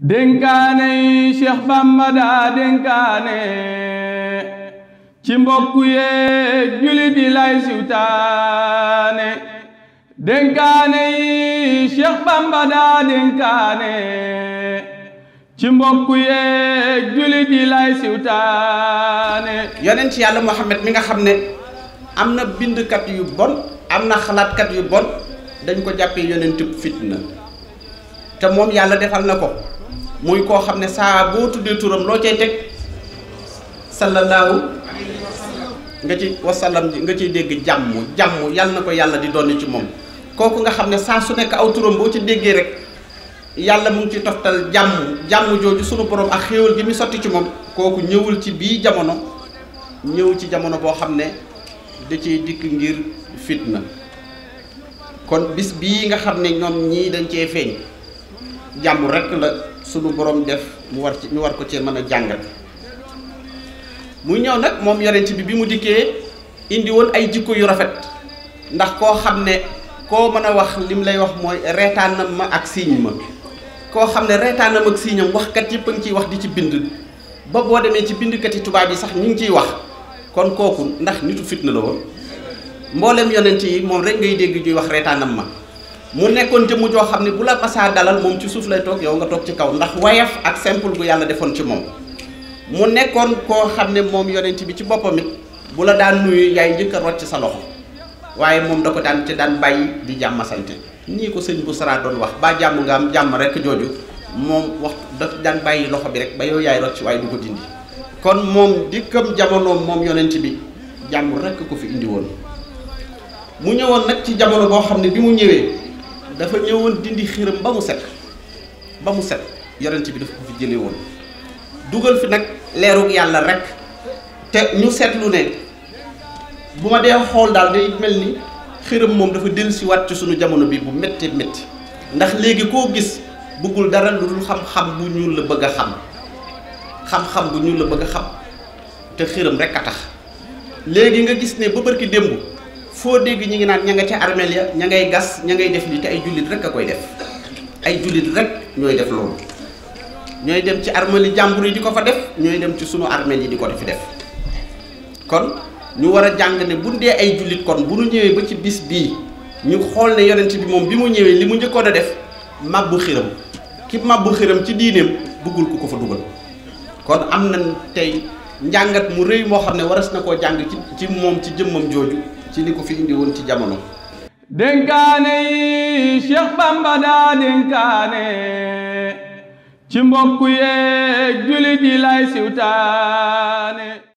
dénkaane Cheikh Bamba daa dénkaane ci mbokk yee julit yi lay siwtaane dénkaane yi Cheikh Bamba daa dénkaane ci mbokk yee julit yi lay siwtaane yonent yàlla Muhammad mi nga xam ne am na bindkat yu bon am na xalaatkat yu bon dañ ko jàppee yonentub fitna te moom yàlla defal na ko muy koo xam ne saa boo tuddee turam loo cay teg sallallahu nga ci wasallam nga ci dégg jàmm jàmm yàlla na ko yàlla di doon ci moom kooku nga xam ne saa su nekk aw turam boo ci déggee rek yàlla mu ngi ci toftal jàmm jàmm jooju sunu borom ak xéewal gi mu sotti ci moom kooku ñëwul ci bii jamono ñëw ci jamono boo xam ne da ciy dikk ngir fitna kon bis bii nga xam ne ñoom ñii dañ cee feeñ jàmm rek la sunu borom def mu war ci ñu war ko cee mën a jàngal mu ñëw nag moom yonent bi bi mu dikkee indi woon ay jikko yu rafet ndax koo xam ne koo mën a wax lim lay wax mooy reetaanam ma ak siiñ ma koo xam ne reetaanam ak siiñam waxkat yëpp a ngi ciy wax di ci bind ba boo demee ci bindkat yi tubaab yi sax ñu ngi ciy wax kon kooku ndax nitu fitna la woon mboolem yonent yi moom rek ngay dégg ñuy wax reetaanam ma mu nekkoon jëmm joo xam ne bu la masaa dalal moom ci suuf lay toog yow nga toog ci kaw ndax wayaf ak simple bu yàlla defoon ci moom mu nekkoon koo xam ne moom yonent bi ci boppam it bu la daan nuyu yaay njëkk a rocc sa loxo waaye moom da ko daan ci daan bàyyi di jàmmasante nii ko sëñ bu sara doon wax ba jàmm nga am jàmm rek jooju moom wax daf daan bàyyi loxo bi rek ba yow yaay rocc waaye du ko dindi kon moom dikkam jamonoom moom yonent bi jàmm rek ko fi indi woon mu ñëwoon nag ci jamono boo xam ne bi mu ñëwee dafa ñëwoon dindi xiram ba mu set ba mu set yonent bi dafa ko fi jëlee woon dugal fi nag leerug yàlla rek te ñu seetlu ne bu ma dee xool daal day mel ni xiram moom dafa dellusiwaat ci suñu jamono bi bu mettee metti ndax léegi koo gis bëggul dara lu dul xam-xam bu ñuul la bëgg a xam xam-xam bu ñuul la bëgg a xam te xiram rek a tax léegi nga gis ne ba barki démb foo dégg ñi ngi naan ña nga ca armeel ya ña ngay gas ña ngay def lii te ay jullit rek a koy def ay jullit rek ñooy def loolu ñooy dem ci armeel yi jàmbur di ko fa def ñooy dem ci sunu armeel yi di ko fi def kon ñu war a jàng ne bu dee ay jullit kon bu ñu ñëwee ba ci bis bii ñu xool ne yonent bi moom bi mu ñëwee li mu njëkkoon a def màbbu xiram ki màbbu xiram ci diineem bëggul ko ko fa dugal kon am na tey njàngat mu réy moo xam ne waras na koo jàng ci ci moom ci jëmmam jooju ci li fi indi woon ci jamono dénkaane yi Cheikh Bamba daa dénkaane ci mbokk yeeg julit yi lay